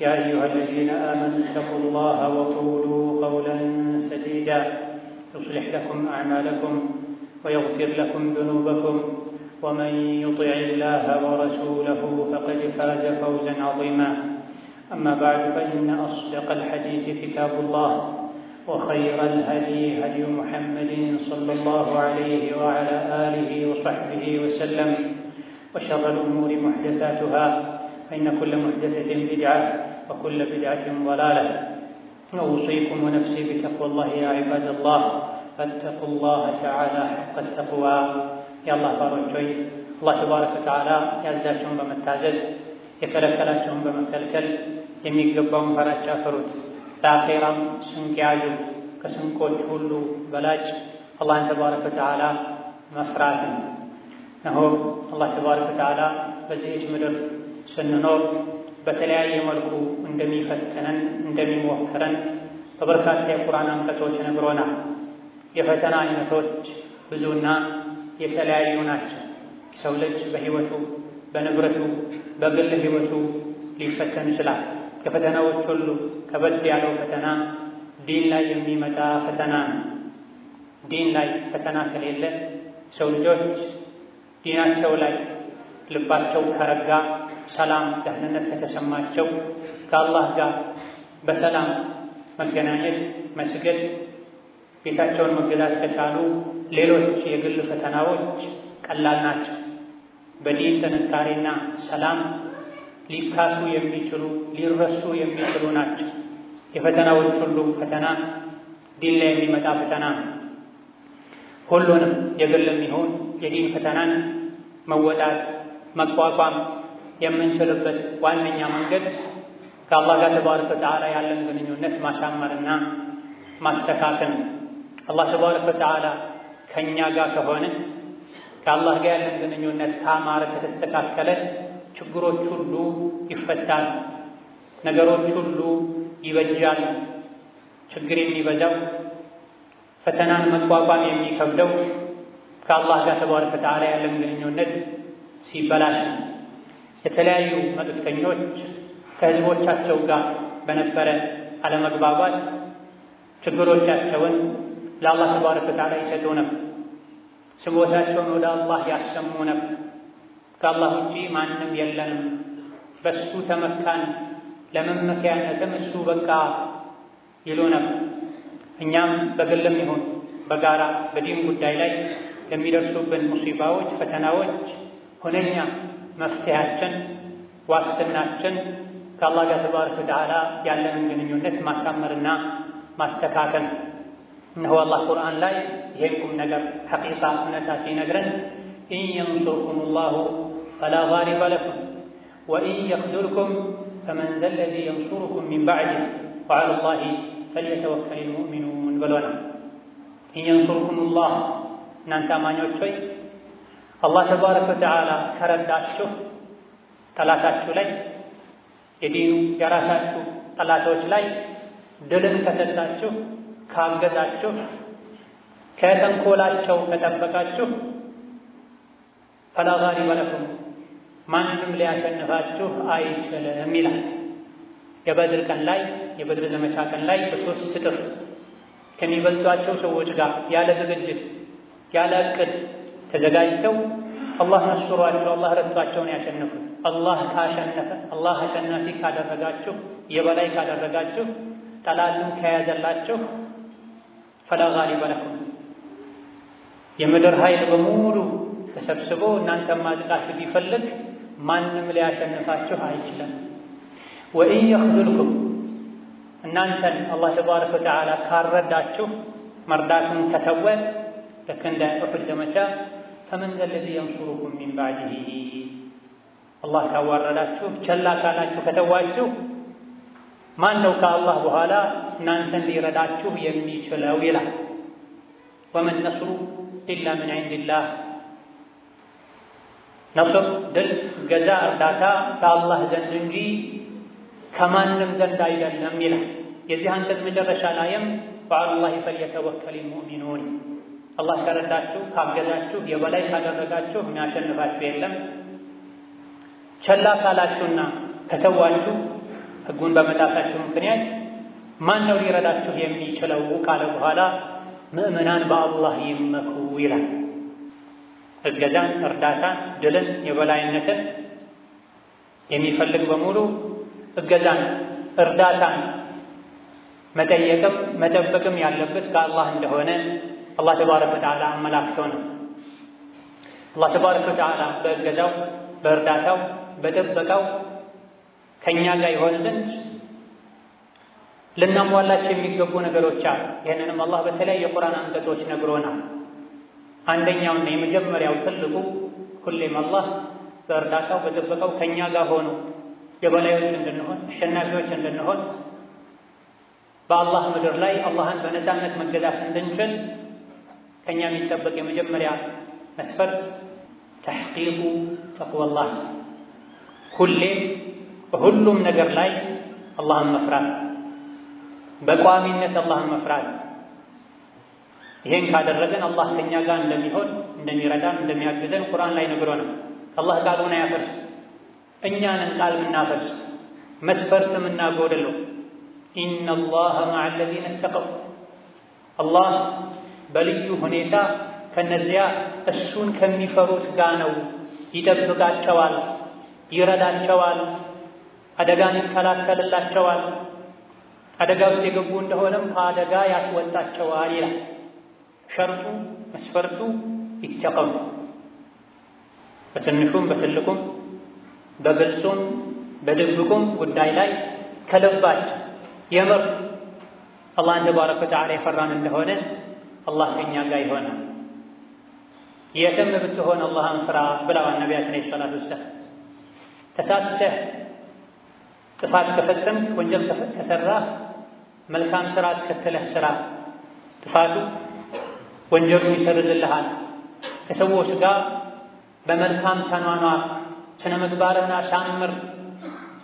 يا أيها الذين آمنوا اتقوا الله وقولوا قولا سديدا يصلح لكم أعمالكم ويغفر لكم ذنوبكم ومن يطع الله ورسوله فقد فاز فوزا عظيما أما بعد فإن أصدق الحديث كتاب الله وخير الهدي هدي محمد صلى الله عليه وعلى آله وصحبه وسلم وشر الأمور محدثاتها فإن كل محدثة بدعة وكل بدعة ضلالة أوصيكم ونفسي بتقوى الله يا عباد الله فاتقوا الله تعالى حق التقوى يا الله فارجوي الله تبارك وتعالى يعزاكم بما تعزز يكلكلاتهم بما كلكل يميقبهم فلا تشافروت تاخيرا سنكياجو كسنكو تهلو بلاج الله تبارك وتعالى مفرات نهو الله تبارك وتعالى بزيج مدر سننور በተለያየ መልኩ እንደሚፈትነን እንደሚሞክረን በበርካታ የቁርአን አንቀጾች ነግሮናል። የፈተና አይነቶች ብዙና የተለያዩ ናቸው። ሰው ልጅ በህይወቱ በንብረቱ፣ በግል ህይወቱ ሊፈተን ይችላል። ከፈተናዎች ሁሉ ከበድ ያለው ፈተና ዲን ላይ የሚመጣ ፈተና ነው። ዲን ላይ ፈተና ከሌለ ሰው ልጆች ዲናቸው ላይ ልባቸው ከረጋ ሰላም፣ ደህንነት ከተሰማቸው ከአላህ ጋር በሰላም መገናኘት መስገድ፣ ቤታቸውን መገዛት ከቻሉ ሌሎች የግል ፈተናዎች ቀላል ናቸው። በዲን ጥንካሬና ሰላም ሊካሱ የሚችሉ ሊረሱ የሚችሉ ናቸው። የፈተናዎች ሁሉ ፈተና ዲን ላይ የሚመጣ ፈተና ነው። ሁሉንም የግል የሚሆን የዲን ፈተናን መወጣት መቋቋም የምንችልበት ዋነኛ መንገድ ከአላህ ጋር ተባረከ ወተዓላ ያለን ግንኙነት ማሳመርና ማስተካከል ነው። አላህ ተባረከ ወተዓላ ከእኛ ጋር ከሆነ ከአላህ ጋር ያለን ግንኙነት ካማረ፣ ከተስተካከለ ችግሮች ሁሉ ይፈታል ነገሮች ሁሉ ይበጃል ችግር የሚበዛው ፈተናን መቋቋም የሚከብደው ከአላህ ጋር ተባረከ ወተዓላ ያለን ግንኙነት ሲበላሽ ነው። የተለያዩ መልእክተኞች ከህዝቦቻቸው ጋር በነበረ አለመግባባት ችግሮቻቸውን ለአላህ ተባረከ ወተዓላ ይሰጡ ነበር። ስሞታቸውን ወደ አላህ ያሰሙ ነበር። ከአላህ ውጪ ማንም የለንም፣ በሱ ተመካን፣ ለመመኪያነትም እሱ በቃ ይሉ ነበር። እኛም በግልም ይሁን በጋራ በዲን ጉዳይ ላይ ለሚደርሱብን ሙሲባዎች፣ ፈተናዎች ሁነኛ መፍትሄያችን፣ ዋስትናችን ከአላህ ጋር ተባረከ ወተዓላ ያለንን ግንኙነት ማሳመርና ማስተካከል። እነሆ አላህ ቁርአን ላይ ይሄን ቁም ነገር ሐቂቃ እውነታ ሲነግረን ኢን የንሱርኩም ላሁ ፈላ ጋሊበ ለኩም ወኢን የኽዙልኩም ፈመን ለዚ የንሱሩኩም ሚን ባዕድ ወዓላ ላሂ ፈልየተወከል ልሙእሚኑን ብሎናል። ኢን የንሱርኩም ላህ እናንተ አማኞች ሆይ አላህ ተባረከ ወተዓላ ከረዳችሁ ጠላታችሁ ላይ የዲኑ የራሳችሁ ጠላቶች ላይ ድልን ከሰጣችሁ፣ ካገዛችሁ፣ ከተንኮላቸው ከጠበቃችሁ ፈላ ጋሊበ ለኩም ማንም ሊያሸንፋችሁ አይችልም ይላል። የበድር ቀን ላይ የበድር ዘመቻ ቀን ላይ በሶስት እጥፍ ከሚበልጧቸው ሰዎች ጋር ያለ ዝግጅት ያለ እቅድ ተዘጋጅተው አላህ አሽሯል ብለው አላህ ረድቷቸውን ያሸነፉት አላህ ካሸነፈ አላህ አሸናፊ ካደረጋችሁ የበላይ ካደረጋችሁ ጠላትን ከያዘላችሁ ፈላ ጋሊበ ለኩም የምድር ኃይል በሙሉ ተሰብስቦ እናንተ ማጥቃት ቢፈልግ ማንም ሊያሸንፋችሁ አይችልም። ወኢን የኽዙልኩም እናንተን አላህ ተባረከ ወተዓላ ካረዳችሁ መርዳቱን ከተወ ልክ እንደ ኡሑድ ዘመቻ ፈመን ዘለዚ የንሱሩኩም ሚን ባዕድህ አላህ ካዋረዳችሁ፣ ቸላ ካላችሁ፣ ከተዋችሁ ማን ነው ከአላህ በኋላ እናንተን ሊረዳችሁ የሚችለው ይላል። ወመን ነስሩ ኢላ ምን ዒንዲላህ ነስር፣ ድል፣ ገዛ፣ እርዳታ ከአላህ ዘንድ እንጂ ከማንም ዘንድ አይደለም ይላል። የዚህ አንቀጽ መጨረሻ ላይም በዐለላሂ ፈልየተወከል ሙእሚኑን አላህ ከረዳችሁ ካገዛችሁ የበላይ ካደረጋችሁ የሚያሸንፋችሁ የለም። ቸላ ካላችሁና ከተዋችሁ ህጉን በመጣሳችሁ ምክንያት ማን ነው ሊረዳችሁ የሚችለው ካለ በኋላ ምእመናን በአላህ ይመኩ ይላል። እገዛን፣ እርዳታን፣ ድልን፣ የበላይነትን የሚፈልግ በሙሉ እገዛን፣ እርዳታን መጠየቅም መጠበቅም ያለበት ከአላህ እንደሆነ አላህ ተባረከ ወተዓላ አመላክተው ነው። አላህ ተባረከ ወተዓላ በእገዛው በእርዳታው በጥበቃው ከእኛ ጋር የሆነ ዘንድ ልናሟላቸው የሚገቡ ነገሮች አሉ። ይህንንም አላህ በተለያዩ የቁርአን አንቀጾች ነግሮናል። አንደኛውና የመጀመሪያው ትልቁ ሁሌም አላህ በእርዳታው በጥበቃው ከእኛ ጋር ሆኖ የበላዮች እንድንሆን አሸናፊዎች እንድንሆን በአላህ ምድር ላይ አላህን በነፃነት መገዛት እንድንችል ከእኛ የሚጠበቅ የመጀመሪያ መስፈርት ተሕቂቁ ተቅዋላህ ሁሌም በሁሉም ነገር ላይ አላህን መፍራት፣ በቋሚነት አላህን መፍራት። ይሄን ካደረገን አላህ ከእኛ ጋር እንደሚሆን እንደሚረዳን፣ እንደሚያግዘን ቁርአን ላይ ነግሮናል። አላህ ቃሉን አያፈርስ፣ እኛንን ቃል ምናፈርስ መስፈርት ምናጎደለው ኢነላሀ መዐ አለዚነ ተቀው አላህ በልዩ ሁኔታ ከነዚያ እሱን ከሚፈሩት ጋር ነው። ይጠብቃቸዋል፣ ይረዳቸዋል፣ አደጋን ይከላከልላቸዋል። አደጋ ውስጥ የገቡ እንደሆነም ከአደጋ ያስወጣቸዋል ይላል። ሸርጡ መስፈርቱ ይተቀሙ በትንሹም በትልቁም በግልጹም በድብቁም ጉዳይ ላይ ከልባቸው የምር አላህን ተባረከ ወተዓላ የፈራን እንደሆነ አላህ ከኛ ጋር ይሆናል። የትም ብትሆን አላህን ፍራ ብለዋል ነቢያችን ዐለይሂ ሰላቱ ወሰላም። ተሳስተህ ጥፋት ከፈጸምክ ወንጀል ከሰራህ መልካም ስራ አስከትለህ ስራ፣ ጥፋቱ ወንጀሉ ይሰርዝልሃል። ከሰዎች ጋር በመልካም ተኗኗር፣ ስነ ምግባርህን አሳምር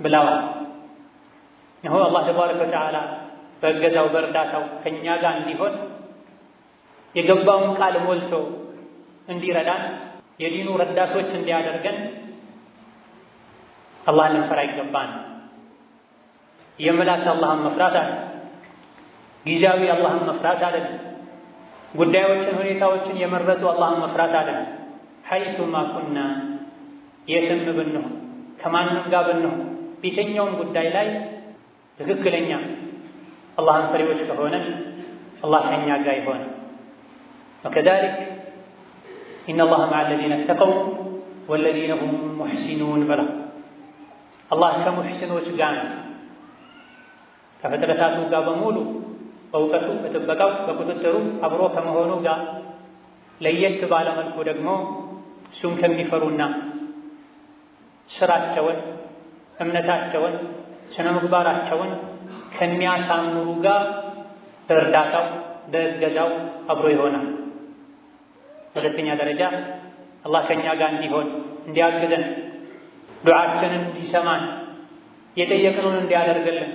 ብለዋል። ይኸው አላህ ተባረከ ወተዓላ በእገዛው በእርዳታው ከእኛ ጋር እንዲሆን የገባውን ቃል ሞልቶ እንዲረዳን የዲኑ ረዳቶች እንዲያደርገን አላህን ልንፈራ ይገባን። የምላስ አላህን መፍራት አለ ጊዜያዊ አላህን መፍራት አለ ጉዳዮችን፣ ሁኔታዎችን የመረጡ አላህን መፍራት አለ ሐይሱማ ኩና የትም ብንሆን ከማንም ጋር ብንሆን በየትኛውም ጉዳይ ላይ ትክክለኛ አላህን ፈሪዎች ከሆነ አላህ ከኛ ጋር ይሆን። وكذلك إن الله مع الذين ወለዚነ ሁም ሙሕሲኑን ብላ አላህ ከሙሕሲኖች ጋር ነው። ከፍጥረታቱ ጋር በሙሉ በእውቀቱ፣ በጥበቃው፣ በቁጥጥሩ አብሮ ከመሆኑ ጋር ለየት ባለ መልኩ ደግሞ እሱን ከሚፈሩና ስራቸውን፣ እምነታቸውን፣ ስነ ምግባራቸውን ከሚያሳምሩ ጋር በእርዳታው በእገዛው አብሮ ይሆናል። ሁለተኛ ደረጃ አላህ ከእኛ ጋር እንዲሆን እንዲያግዘን፣ ዱዓችንን እንዲሰማን፣ የጠየቅነውን እንዲያደርግልን፣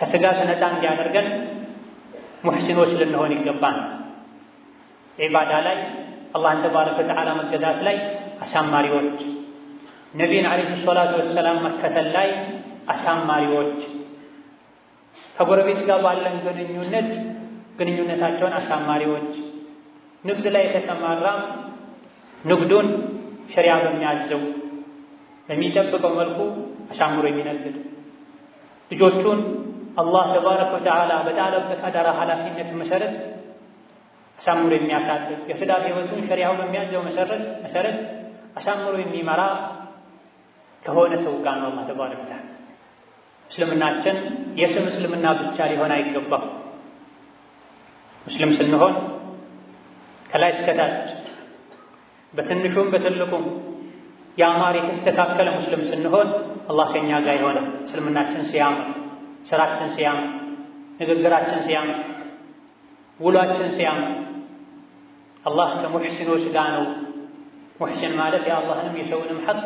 ከስጋት ነፃ እንዲያደርገን ሙሕሲኖች ልንሆን ይገባል። ዒባዳ ላይ አላህን ተባረከ ወተዓላ መገዛት ላይ አሳማሪዎች፣ ነቢይን ዓለይሂ ሰላቱ ወሰላም መከተል ላይ አሳማሪዎች፣ ከጎረቤት ጋር ባለን ግንኙነት ግንኙነታቸውን አሳማሪዎች ንግድ ላይ የተሰማራም ንግዱን ሸሪያ በሚያዘው በሚጠብቀው መልኩ አሳምሮ የሚነግድ ልጆቹን አላህ ተባረከ ወተዓላ በጣለበት አደራ ኃላፊነት መሰረት አሳምሮ የሚያሳድግ የትዳር ህይወቱን ሸሪያው በሚያዘው መሰረት መሰረት አሳምሮ የሚመራ ከሆነ ሰው ጋር ነው አላህ ተባረከ ወተዓላ። እስልምናችን የስም እስልምና ብቻ ሊሆን አይገባም። ሙስሊም ስንሆን ከላይ እስከታች በትንሹም በትልቁም የአማር የተስተካከለ ሙስሊም ስንሆን አላህ ከኛ ጋር ይሆነ። እስልምናችን ሲያምር፣ ስራችን ሲያምር፣ ንግግራችን ሲያምር፣ ውሏችን ሲያምር አላህ ከሙሕሲኖች ጋር ነው። ሙሕሲን ማለት የአላህንም የሰውንም ሐቅ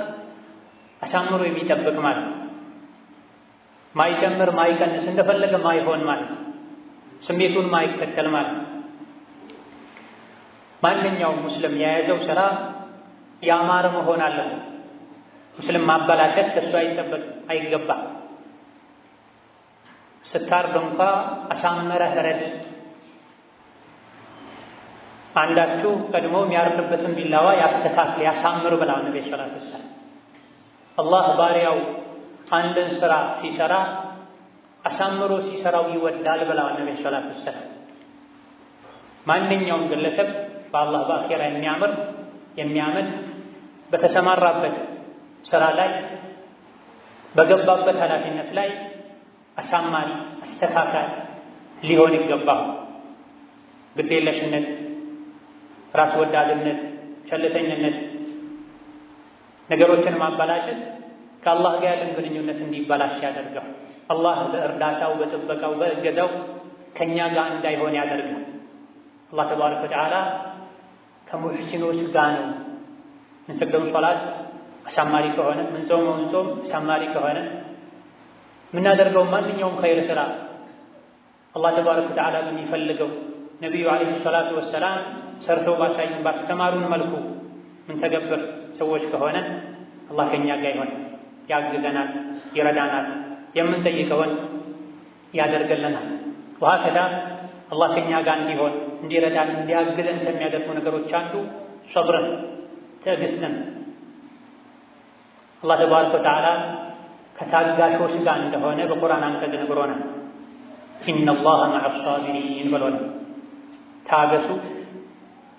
አሳምሮ የሚጠብቅ ማለት ማይጨምር ማይቀንስ እንደፈለገ ማይሆን ማለት ስሜቱን ማይከተል ማለት ማንኛውም ሙስሊም የያዘው ስራ ያማረ መሆን አለበት። ሙስሊም ማበላሸት ከሱ አይጠበቅ አይገባም። ስታርድ እንኳ አሳምረህ ረድ። አንዳችሁ ቀድሞ የሚያርድበትን ቢላዋ ያስተካክል፣ ያሳምር ብላ ነቢ ሰላት ሰላም አላህ ባሪያው አንድን ስራ ሲሰራ አሳምሮ ሲሰራው ይወዳል ብላ ነቢ ሰላት ሰላም ማንኛውም ግለሰብ በአላህ በአኼራ የሚያምር የሚያምን በተሰማራበት ስራ ላይ በገባበት ኃላፊነት ላይ አሳማሪ አስተካካይ ሊሆን ይገባል። ግዴለሽነት፣ ራስ ወዳድነት፣ ቸልተኝነት፣ ነገሮችን ማበላሸት ከአላህ ጋር ያለን ግንኙነት እንዲበላሽ ያደርገው አላህ በእርዳታው በጥበቃው በእገዛው ከእኛ ጋር እንዳይሆን ያደርገው። አላህ ተባረከ ወተዓላ ከሙሕሲኖች ጋር ነው። የምንሰግደው ሶላት አሳማሪ ከሆነ ምንጾመው ጾም አሳማሪ ከሆነ የምናደርገው ማንኛውም ኸይር ስራ አላህ ተባረከ ወተዓላ በሚፈልገው ነቢዩ ዓለይሂ ሰላቱ ወሰላም ሰርተው ባሳዩን ባስተማሩን መልኩ ምንተገብር ሰዎች ከሆነ አላህ ከእኛ ጋር ይሆን፣ ያግዘናል፣ ይረዳናል፣ የምንጠይቀውን ያደርግልናል። ወሀከዛ አላህ ከኛ ጋር እንዲሆን እንዲረዳን እንዲያግዘን ከሚያደርጉ ነገሮች አንዱ ሶብርን ትዕግስትን አላህ ተባረከ ወተዓላ ከታጋሾች ጋር እንደሆነ በቁርአን አንቀጽ ነግሮናል። ኢነላሃ መዐ ሳቢሪን ብሎናል። ታገሱ፣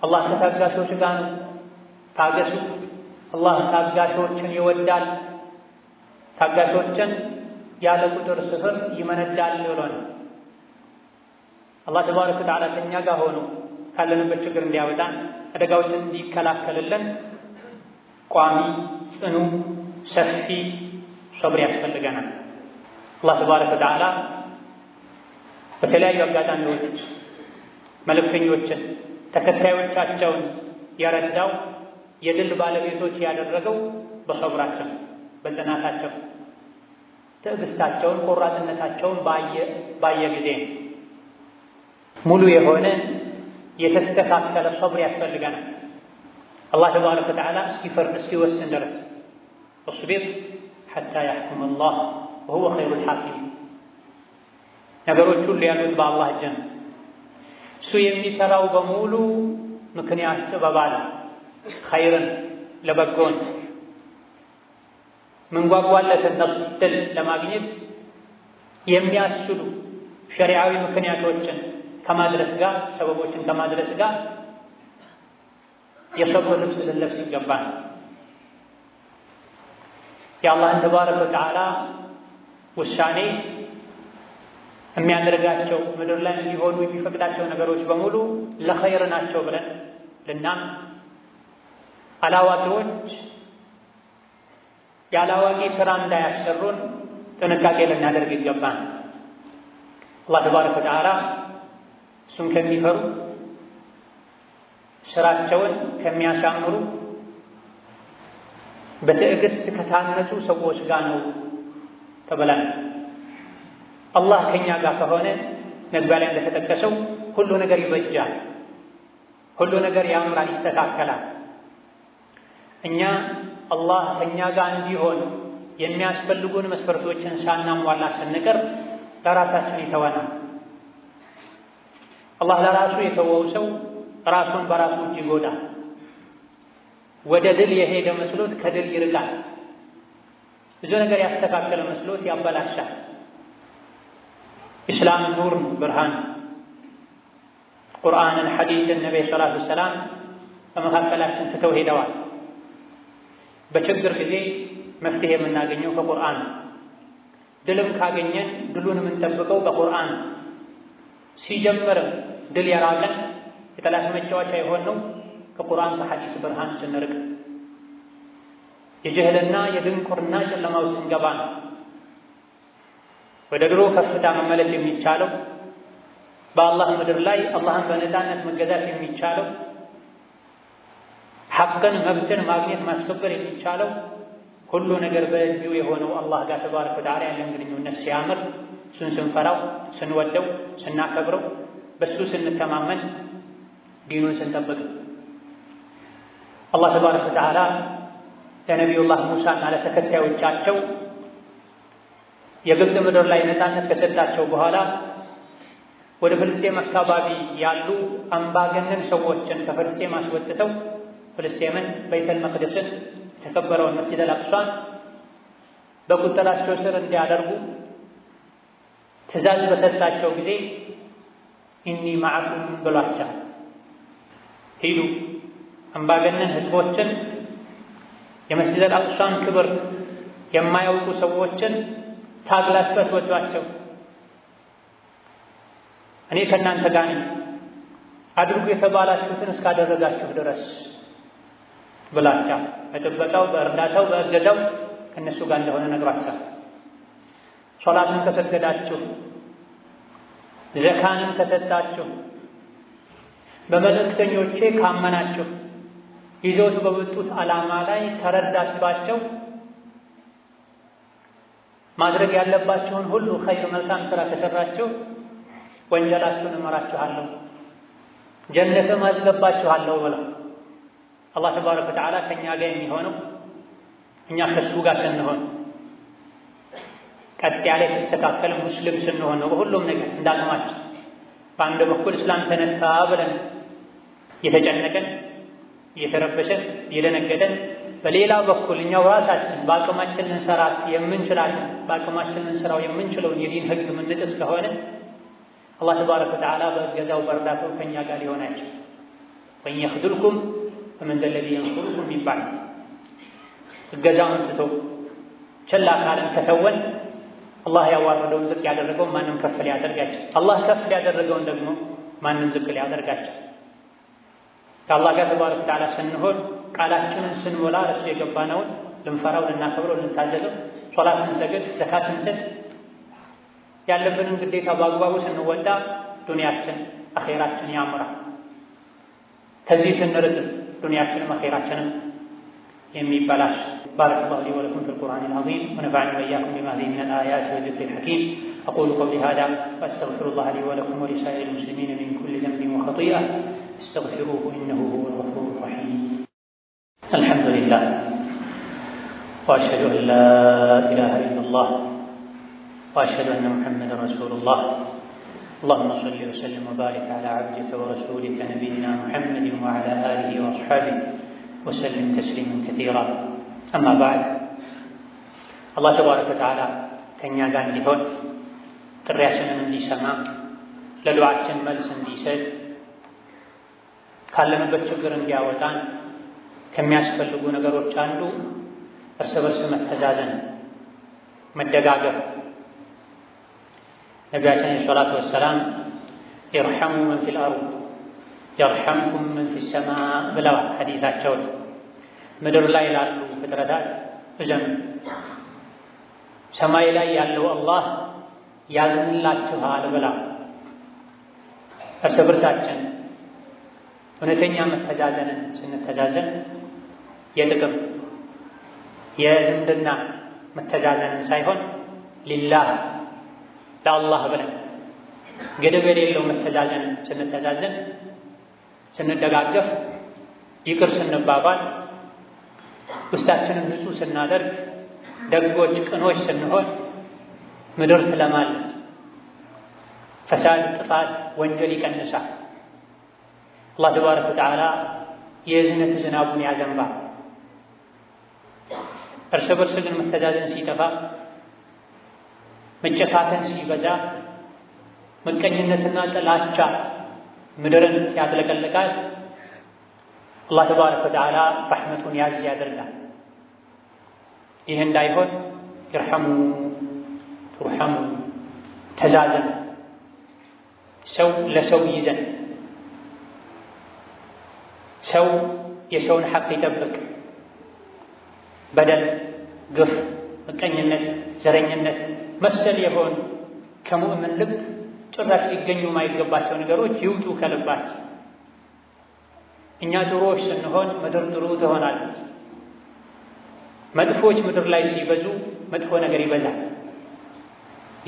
አላህ ከታጋሾች ጋር ነው። ታገሱ፣ አላህ ታጋሾችን ይወዳል። ታጋሾችን ያለ ቁጥር ስፍር ይመነዳል ብሎናል። አላህ ተባረከ ወተዓላ ከእኛ ጋር ሆኖ ካለንበት ችግር እንዲያወጣን አደጋዎችን እንዲከላከልልን ቋሚ፣ ጽኑ፣ ሰፊ ሰብር ያስፈልገናል። አላህ ተባረከ ወተዓላ በተለያዩ አጋጣሚዎች መልእክተኞችን ተከታዮቻቸውን የረዳው የድል ባለቤቶች ያደረገው በሰብራቸው፣ በጽናታቸው፣ ትዕግስታቸውን፣ ቆራጥነታቸውን ባየ ጊዜ ነው። ሙሉ የሆነ የተስተካከለ ሶብር ያስፈልገናል። አላህ ተባረከ ወተዓላ ሲፈርድ ሲወስን ድረስ ወስቢር ሐታ ያሕኩም አላህ ወሁወ ኸይሩል ሓኪሚን። ነገሮች ሁሉ ያሉት በአላህ እጅ ነው። እሱ የሚሰራው በሙሉ ምክንያት ጥበብ አለ። ኸይርን ለበጎን ምንጓጓለትን ተፍድል ለማግኘት የሚያስችሉ ሸሪዓዊ ምክንያቶችን ከማድረስ ጋር ሰበቦችን ከማድረስ ጋር ልብስ ልንለብስ ይገባል። የአላህን ተባረከ ወተዓላ ውሳኔ የሚያደርጋቸው ምድር ላይ እንዲሆኑ የሚፈቅዳቸው ነገሮች በሙሉ ለኸይር ናቸው ብለን ልናምን አላዋቂዎች ያላዋቂ ስራ እንዳያሰሩን ጥንቃቄ ልናደርግ ይገባል። አላህ ተባረከ ወተዓላ እሱን ከሚፈሩ ስራቸውን ከሚያሳምሩ በትዕግስት ከታነጹ ሰዎች ጋር ነው ተበላን። አላህ ከኛ ጋር ከሆነ መግቢያ ላይ እንደተጠቀሰው ሁሉ ነገር ይበጃል፣ ሁሉ ነገር ያምራል፣ ይስተካከላል። እኛ አላህ ከኛ ጋር እንዲሆን የሚያስፈልጉን መስፈርቶችን ሳናሟላ ስንቀር ለራሳችን ይተወናል። አላህ ለራሱ የተወው ሰው ራሱን በራሱ እጅ ይጎዳል። ወደ ድል የሄደ መስሎት ከድል ይርቃል። ብዙ ነገር ያስተካከለ መስሎት ያበላሻል። ኢስላም ኑር ብርሃን፣ ቁርአንን፣ ሐዲስን ነቢ ሰላቱ ሰላም በመካከላችን ትተው ሄደዋል። በችግር ጊዜ መፍትሄ የምናገኘው ከቁርአን ድልም ካገኘን ድሉን የምንጠብቀው በቁርአን ሲጀምርም ድል የራቀን የጠላት መጫወቻ የሆነው ከቁርአን ከሐዲስ ብርሃን ስንርቅ የጅህልና የድንቁርና ጨለማ ውስጥ ስንገባ ነው። ወደ ድሮ ከፍታ መመለስ የሚቻለው በአላህ ምድር ላይ አላህን በነፃነት መገዛት የሚቻለው ሐቅን መብትን ማግኘት ማስከበር የሚቻለው ሁሉ ነገር በእጁ የሆነው አላህ ጋር ተባረከ ወተዓላ ያለን ግንኙነት ሲያምር እሱን ስንፈራው ስንወደው ስናከብረው በሱ ስንተማመን ዲኑን ስንጠብቅ አላህ ተባረከ ወተዓላ ለነቢዩላህ ሙሳና ለተከታዮቻቸው የግብፅ ምድር ላይ ነፃነት ከሰጣቸው በኋላ ወደ ፍልስጤም አካባቢ ያሉ አምባገነን ሰዎችን ከፍልስጤም አስወጥተው ፍልስጤምን በይተል መቅደስን የተከበረውን መስጂደል አቅሷን በቁጥጥራቸው ስር እንዲያደርጉ ትዕዛዝ በሰጣቸው ጊዜ ኢኒ ማዕኩም ብሏቸው ሂዱ አምባገነን ህዝቦችን የመስጂድ አቅሷን ክብር የማያውቁ ሰዎችን ታግላችሁ አስወጧቸው። እኔ ከእናንተ ጋር ነኝ አድርጉ የተባላችሁትን እስካደረጋችሁ ድረስ ብላቻ በጥበቃው፣ በእርዳታው፣ በእገዛው ከእነሱ ጋር እንደሆነ ነግሯቸው። ሶላትን ከሰገዳችሁ ዘካንም ከሰጣችሁ በመልእክተኞቼ ካመናችሁ ይዞት በመጡት ዓላማ ላይ ተረዳችኋቸው ማድረግ ያለባቸውን ሁሉ ኸይር መልካም ስራ ከሰራችሁ ወንጀላችሁን እመራችኋለሁ፣ ጀነትም አስገባችኋለሁ ብለው አላህ ተባረከ ወተዓላ ከእኛ ጋር የሚሆነው እኛ ከሱ ጋር ስንሆን ቀጥ ያለ የተስተካከለ ሙስሊም ስንሆን ነው በሁሉም ነገር እንዳልማችሁ። በአንድ በኩል እስላም ተነሳ ብለን የተጨነቀን እየተረበሸን እየደነገጠን፣ በሌላ በኩል እኛው ራሳችን በአቅማችን እንሰራት የምንችላለን በአቅማችን እንሰራው የምንችለውን የዲን ህግ የምንጥስ ከሆነ አላህ ተባረከ ወተዓላ በእገዛው በእርዳታው ከእኛ ጋር ይሆናችሁ። ወን የኽዙልኩም ፈመን ዘለዚ የንሱሩኩም ይባል እገዛውን ትቶ ቸላ ካለን ከተወን አላህ ያዋረደውን ዝቅ ያደረገውን ማንም ከፍ ሊያደርጋቸው፣ አላህ ከፍ ያደረገውን ደግሞ ማንም ዝቅ ሊያደርጋቸው። ከአላህ ጋር ተባረከ ወተዓላ ስንሆን ቃላችንን ስንሞላ እሱ የገባነውን ልንፈራው፣ ልናከብረው፣ ልንታዘዘው ሶላት ስንሰግድ፣ ዘካ ስንሰጥ ያለብንን ግዴታ በአግባቡ ስንወጣ ዱንያችን አኼራችን ያምራል። ከዚህ ስንርቅ ዱንያችንም አኼራችንም የሚባል بارك الله لي ولكم في القرآن العظيم ونفعني وإياكم بما فيه من الآيات والذكر الحكيم أقول قولي هذا وأستغفر الله لي ولكم ولسائر المسلمين من كل ذنب وخطيئة استغفروه إنه هو الغفور الرحيم الحمد لله وأشهد أن لا إله إلا الله وأشهد أن محمدا رسول الله اللهم صل وسلم وبارك على عبدك ورسولك نبينا محمد وعلى آله وأصحابه وسلم تسليما كثيرا አማ بعد አላህ ተባረከ ወተዓላ ከእኛ ጋር እንዲሆን ጥሪያችንን እንዲሰማ ለዱዓችን መልስ እንዲሰጥ ካለንበት ችግር እንዲያወጣን ከሚያስፈልጉ ነገሮች አንዱ እርስ በርስ መተዛዘን፣ መደጋገፍ። ነቢያችን ሰላቱ ወሰላም የርሐሙ መን ፊል አርድ የርሐምኩም ምን ፊሰማ ብለዋል ሐዲታቸውን ምድር ላይ ላሉ ፍጥረታት እዘኑ ሰማይ ላይ ያለው አላህ ያዝንላችኋል ብለዋል። እርስ በርሳችን እውነተኛ መተዛዘንን ስንተዛዘን የጥቅም የዝምድና መተዛዘንን ሳይሆን ሊላህ ለአላህ ብለን ገደብ የሌለው መተዛዘንን ስንተዛዘን ስንደጋገፍ፣ ይቅር ስንባባል፣ ውስጣችንን ንጹህ ስናደርግ፣ ደጎች፣ ቅኖች ስንሆን ምድር ትለማለች። ፈሳድ፣ ጥፋት፣ ወንጀል ይቀንሳል። አላህ ተባረከ ወተዓላ የእዝነት ዝናቡን ያዘንባል። እርስ በርስ ግን መተዛዘን ሲጠፋ፣ መጨካከን ሲበዛ፣ ምቀኝነትና ጥላቻ ምድርን ሲያጥለቀልቃት አላህ ተባረከ ወተዓላ ረሕመቱን ያዝ ያደርጋል። ይህ እንዳይሆን ይርሐሙ ቱርሐሙ ተዛዘን ሰው ለሰው ይዘን ሰው የሰውን ሐቅ ይጠብቅ። በደል፣ ግፍ፣ ምቀኝነት፣ ዘረኝነት መሰል የሆን ከሙእምን ልብ ጭራሽ ሊገኙ የማይገባቸው ነገሮች ይውጡ ከልባችን። እኛ ጥሩዎች ስንሆን ምድር ጥሩ ትሆናለች። መጥፎች ምድር ላይ ሲበዙ መጥፎ ነገር ይበዛል።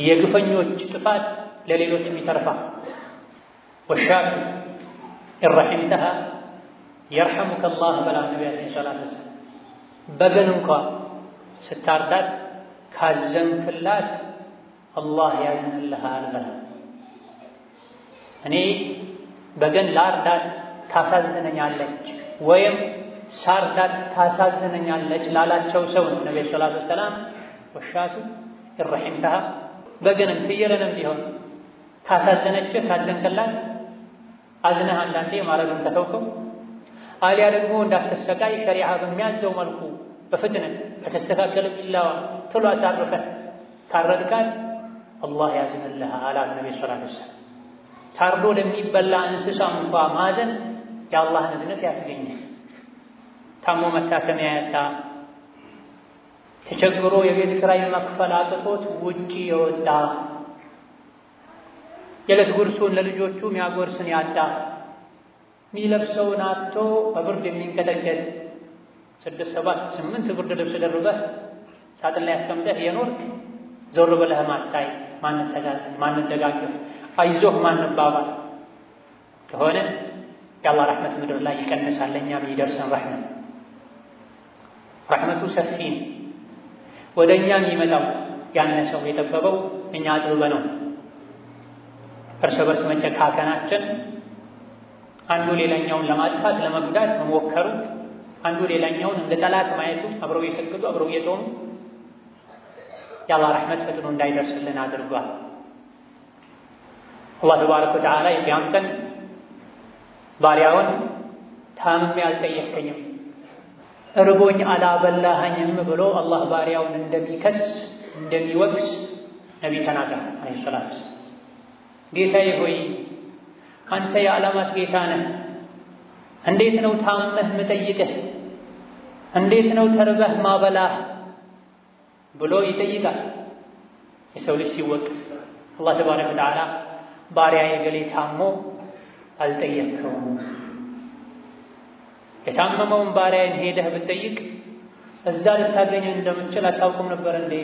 የግፈኞች ጥፋት ለሌሎች ይተርፋ። ወሻኪ ኢራሒምተሃ የርሐሙከ አላህ በላ ነቢያችን ሰላት በገን እንኳ ስታርዳት ካዘንክላት አላህ ያዝንልሃል በላ እኔ በገን ላርዳት ታሳዝነኛለች ወይም ሳርዳት ታሳዝነኛለች ላላቸው ሰው ነው ነቢ ሰላቱ ወሰላም ወሻቱ ይረሒምታሃ በገንም ፍየለንም ቢሆን ካሳዘነችህ ካዘንክላት አዝነህ አንዳንዴ ማረግን ከተውከው አሊያ ደግሞ እንዳትሰቃይ ሸሪዓ በሚያዘው መልኩ በፍጥነት ከተስተካከለ ቢላዋ ቶሎ አሳርፈህ ካረድካት አላህ ያዝንልሃል አላሉ ነቢ ሰላቱ ወሰላም ታርዶ ለሚበላ እንስሳ እንኳ ማዘን የአላህን እዝነት ያስገኛል። ታሞ መታከሚያ ያጣ ተቸግሮ የቤት ኪራይ መክፈል አቅቶት ውጪ የወጣ የዕለት ጉርሱን ለልጆቹ የሚያጎርስን ያጣ የሚለብሰውን አጥቶ በብርድ የሚንቀጠቀጥ ስድስት ሰባት ስምንት ብርድ ልብስ ደርበህ ሳጥን ላይ ያስቀምጠህ የኖርክ ዞር ብለህ ማታይ ማንተጋዝ ማንደጋገፍ አይዞህ ማንባባል ከሆነ የአላህ ረሕመት ምድር ላይ ይቀንሳል። እኛም ይደርሰን ረሕመት ረሕመቱ ሰፊ ነው። ወደ እኛ የሚመጣው ያነሰው የጠበበው እኛ አጥብበ ነው። እርስ በርስ መጨካከናችን፣ አንዱ ሌላኛውን ለማጥፋት ለመጉዳት መሞከሩ፣ አንዱ ሌላኛውን እንደ ጠላት ማየቱ፣ አብረው እየሰገዱ አብረው እየጾሙ የአላህ ረሕመት ፈጥኖ እንዳይደርስልን አድርጓል። አላህ ተባረከ ወተዓላ የቂያም ቀን ባሪያውን ታምሜ አልጠየከኝም፣ እርቦኝ አላበላኸኝም ብሎ አላህ ባሪያውን እንደሚከስ እንደሚወቅስ ነቢይ ተናገረ አለይሂ ሰላቱ ወሰላም። ጌታዬ ሆይ አንተ የዓለማት ጌታ ነህ፣ እንዴት ነው ታመህ ምጠይቅህ? እንዴት ነው ተርበህ ማበላህ? ብሎ ይጠይቃል የሰው ልጅ ሲወቅስ አላህ ተባረከ ወተዓላ ባሪያ የገሌ ታሞ አልጠየቅከውም። የታመመውን ባሪያዬን ሄደህ ብትጠይቅ እዛ ልታገኘ እንደምትችል አታውቁም ነበር እንዴ?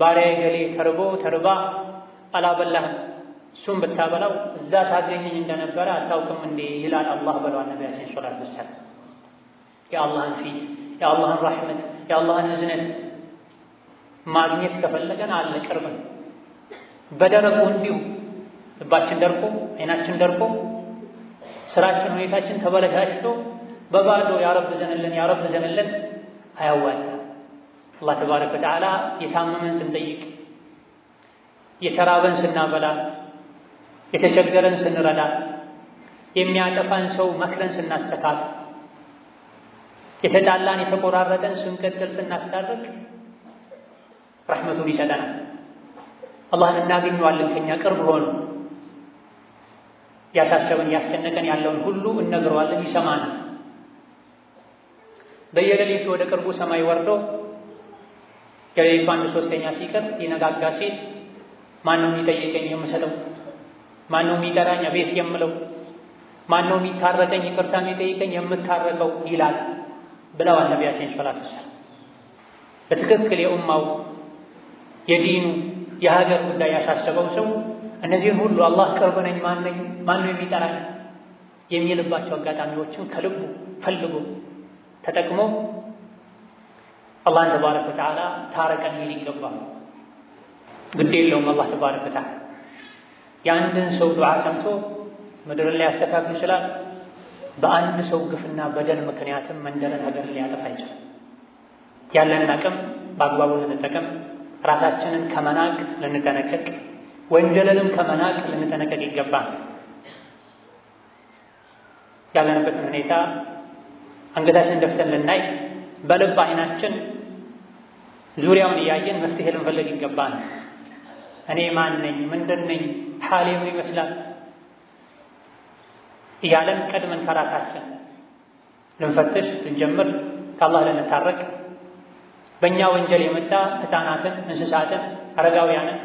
ባሪያ የገሌ ተርቦ ተርባ አላበላህም፣ እሱም ብታበላው እዛ ታገኘኝ እንደነበረ አታውቅም እንዴ? ይላል አላህ በለዋል ነቢያችን ሶላት ወሰላም። የአላህን ፊት የአላህን ራሕመት የአላህን እዝነት ማግኘት ከፈለገን አለ ቅርብን በደረቁ እንዲሁ ልባችን ደርቆ፣ አይናችን ደርቆ፣ ስራችን፣ ሁኔታችን ተበለሻሽቶ በባዶ ያረብ ዘንልን ያረብ ዘንልን አያዋል። አላህ ተባረከ ወተዓላ የታመመን ስንጠይቅ፣ የተራበን ስናበላ፣ የተቸገረን ስንረዳ፣ የሚያጠፋን ሰው መክረን ስናስተካክል፣ የተጣላን የተቆራረጠን ስንቀጥል፣ ስናስታርቅ ረሕመቱን ይሰጠናል። አላህን እናገኘዋለን ከኛ ቅርብ ሆኖ ያሳሰበን ያስጨነቀን ያለውን ሁሉ እነግረዋለን፣ ይሰማናል። በየሌሊቱ ወደ ቅርቡ ሰማይ ወርዶ ከሌሊቱ አንድ ሶስተኛ ሲቀር ይነጋጋ ሲል ማነው የሚጠይቀኝ የምሰጠው? ማነው የሚጠራኝ ቤት የምለው? ማነው የሚታረቀኝ ይቅርታ የሚጠይቀኝ የምታረቀው? ይላል ብለዋል ነቢያችን ሰላቱ በትክክል የኡማው የዲኑ የሀገር ጉዳይ ያሳሰበው ሰው እነዚህን ሁሉ አላህ ቅርብ ነኝ ማነኝ ማነው የሚጠራኝ የሚልባቸው አጋጣሚዎችን ከልቡ ፈልጎ ተጠቅሞ አላህን ተባረከ ወተዓላ ታረቀን ሊል ይገባል። ግድ የለውም አላህ ተባረከ ወተዓላ የአንድን ሰው ዱዓ ሰምቶ ምድርን ሊያስተካክል ይችላል። በአንድ ሰው ግፍና በደል ምክንያትም መንደርን ሀገር ሊያጠፋ ይችላል። ያለንን አቅም በአግባቡ ልንጠቀም፣ ራሳችንን ከመናቅ ልንጠነቀቅ ወንጀልንም ከመናቅ ልንጠነቀቅ ይገባል። ያለንበትን ሁኔታ አንገታችን ደፍተን ልናይ፣ በልብ አይናችን ዙሪያውን እያየን መፍትሄ ልንፈልግ ይገባል። እኔ ማን ነኝ? ምንድን ነኝ? ሐሌ ምን ይመስላል? እያለን ቀድመን ከራሳችን ልንፈትሽ ልንጀምር፣ ከአላህ ልንታረቅ፣ በእኛ ወንጀል የመጣ ሕፃናትን፣ እንስሳትን፣ አረጋውያንን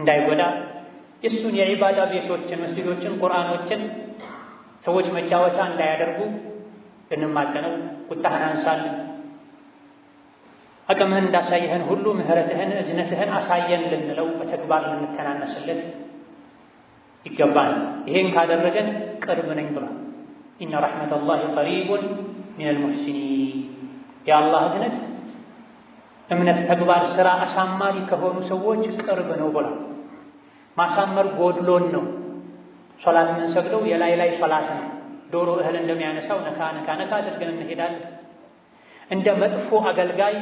እንዳይጎዳ የእሱን የዒባዳ ቤቶችን፣ መስጊዶችን፣ ቁርአኖችን ሰዎች መጫወቻ እንዳያደርጉ ልንማጸነው፣ ቁጣህን አንሳል። አቅምህን እንዳሳየህን ሁሉ ምህረትህን፣ እዝነትህን አሳየን ልንለው፣ በተግባር ልንተናነስለት ይገባል። ይሄን ካደረገን ቅርብ ነኝ ብሏል። ኢነ ረሕመተላሂ ቀሪቡን ሚነል ሙሕሲኒን የአላህ እዝነት እምነት፣ ተግባር፣ ስራ አሳማሪ ከሆኑ ሰዎች ቅርብ ነው ብላ ማሳመር ጎድሎን ነው። ሶላት የምንሰግደው የላይ ላይ ሶላት ነው። ዶሮ እህል እንደሚያነሳው ነካ ነካ ነካ አድርገን እንሄዳለን። እንደ መጥፎ አገልጋይ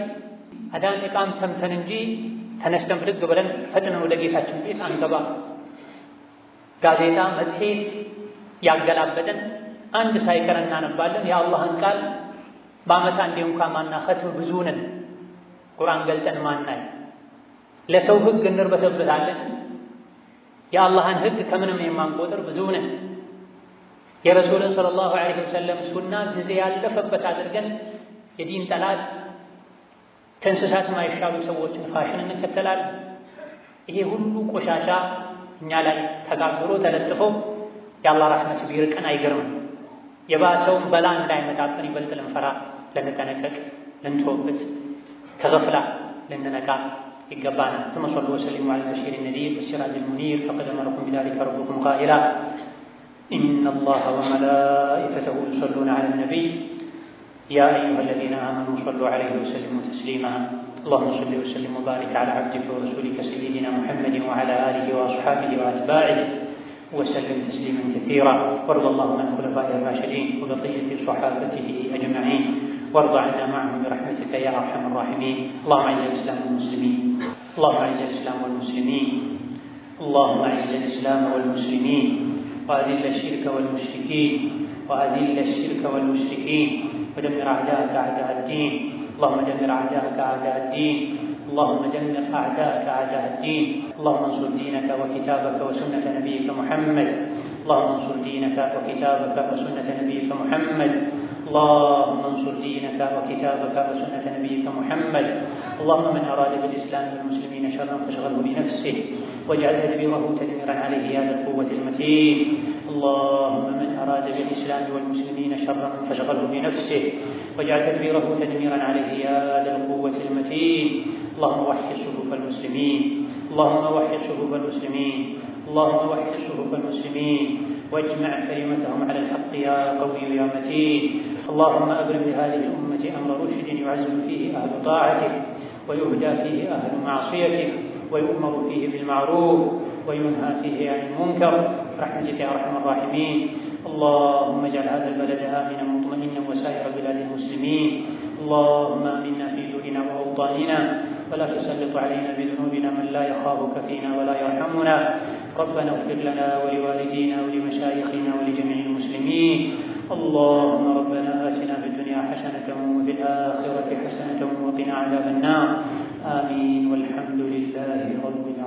አዳን ቃም ሰምተን እንጂ ተነስተን ብድግ ብለን ፈጥነን ወደ ጌታችን ቤት አንገባ። ጋዜጣ፣ መጽሔት ያገላበጠን አንድ ሳይቀር እናነባለን። የአላህን ቃል በአመት አንዴ እንኳን ማናኸትም ብዙ ነን። ቁርአን ገልጠን ማናይ ለሰው ህግ እንርበተበታለን። የአላህን ህግ ከምንም የማንቆጥር ብዙ ነን። የረሱልን ሰለላሁ ዐለይሂ ወሰለም ሱና ጊዜ ያለፈበት አድርገን የዲን ጠላት ከእንስሳት ማይሻሉ ሰዎችን ፋሽን እንከተላለን። ይሄ ሁሉ ቆሻሻ እኛ ላይ ተጋግሮ ተለጥፎ የአላህ ረሕመት ቢርቀን አይገርምም። የባሰውን በላ እንዳይመጣብን ይበልጥ ልንፈራ፣ ልንጠነቀቅ፣ ልንተወበት كغفلة لأننا ልንነቃ ይገባናል። ثم صلوا وسلموا على البشير النذير والسراج المنير فقد أمركم بذلك ربكم قائلا إن الله وملائكته يصلون على النبي يا أيها الذين آمنوا صلوا عليه وسلموا تسليما اللهم صل وسلم وبارك على عبدك ورسولك سيدنا محمد وعلى آله وأصحابه وأتباعه وسلم تسليما كثيرا وارض اللهم عن خلفائه الراشدين وبقيه صحابته اجمعين وارض عنا معهم برحمتك برحمتك يا ارحم الراحمين اللهم اعز الاسلام والمسلمين اللهم اعز الاسلام والمسلمين اللهم اعز الاسلام والمسلمين واذل الشرك والمشركين واذل الشرك والمشركين ودمر اعداءك اعداء الدين اللهم دمر اعداءك اعداء الدين اللهم دمر اعداءك اعداء الدين اللهم انصر دينك وكتابك وسنه نبيك محمد اللهم انصر دينك وكتابك وسنه نبيك محمد اللهم انصر دينك وكتابك وسنة نبيك محمد اللهم من أراد بالإسلام والمسلمين شرا فاشغله بنفسه واجعل تدبيره تدميرا عليه يا ذا القوة المتين اللهم من أراد بالإسلام والمسلمين شرا فاشغله بنفسه واجعل تدبيره تدميرا عليه يا ذا القوة المتين اللهم وحد صفوف المسلمين اللهم وحد صفوف المسلمين اللهم وحد صفوف المسلمين واجمع كلمتهم على الحق يا قوي يا متين اللهم أبرم لهذه الأمة أمر رشد يعز فيه أهل طاعتك ويهدى فيه أهل معصيتك ويؤمر فيه بالمعروف وينهى فيه عن المنكر برحمتك يا أرحم الراحمين اللهم اجعل هذا البلد آمنا مطمئنا وسائر بلاد المسلمين اللهم آمنا في دورنا وأوطاننا ولا تسلط علينا بذنوبنا من لا يخافك فينا ولا يرحمنا ربنا اغفر لنا ولوالدينا ولمشايخنا ولجميع المسلمين اللهم ربنا حسنة وفي الآخرة حسنة وقنا عذاب النار آمين والحمد لله رب العالمين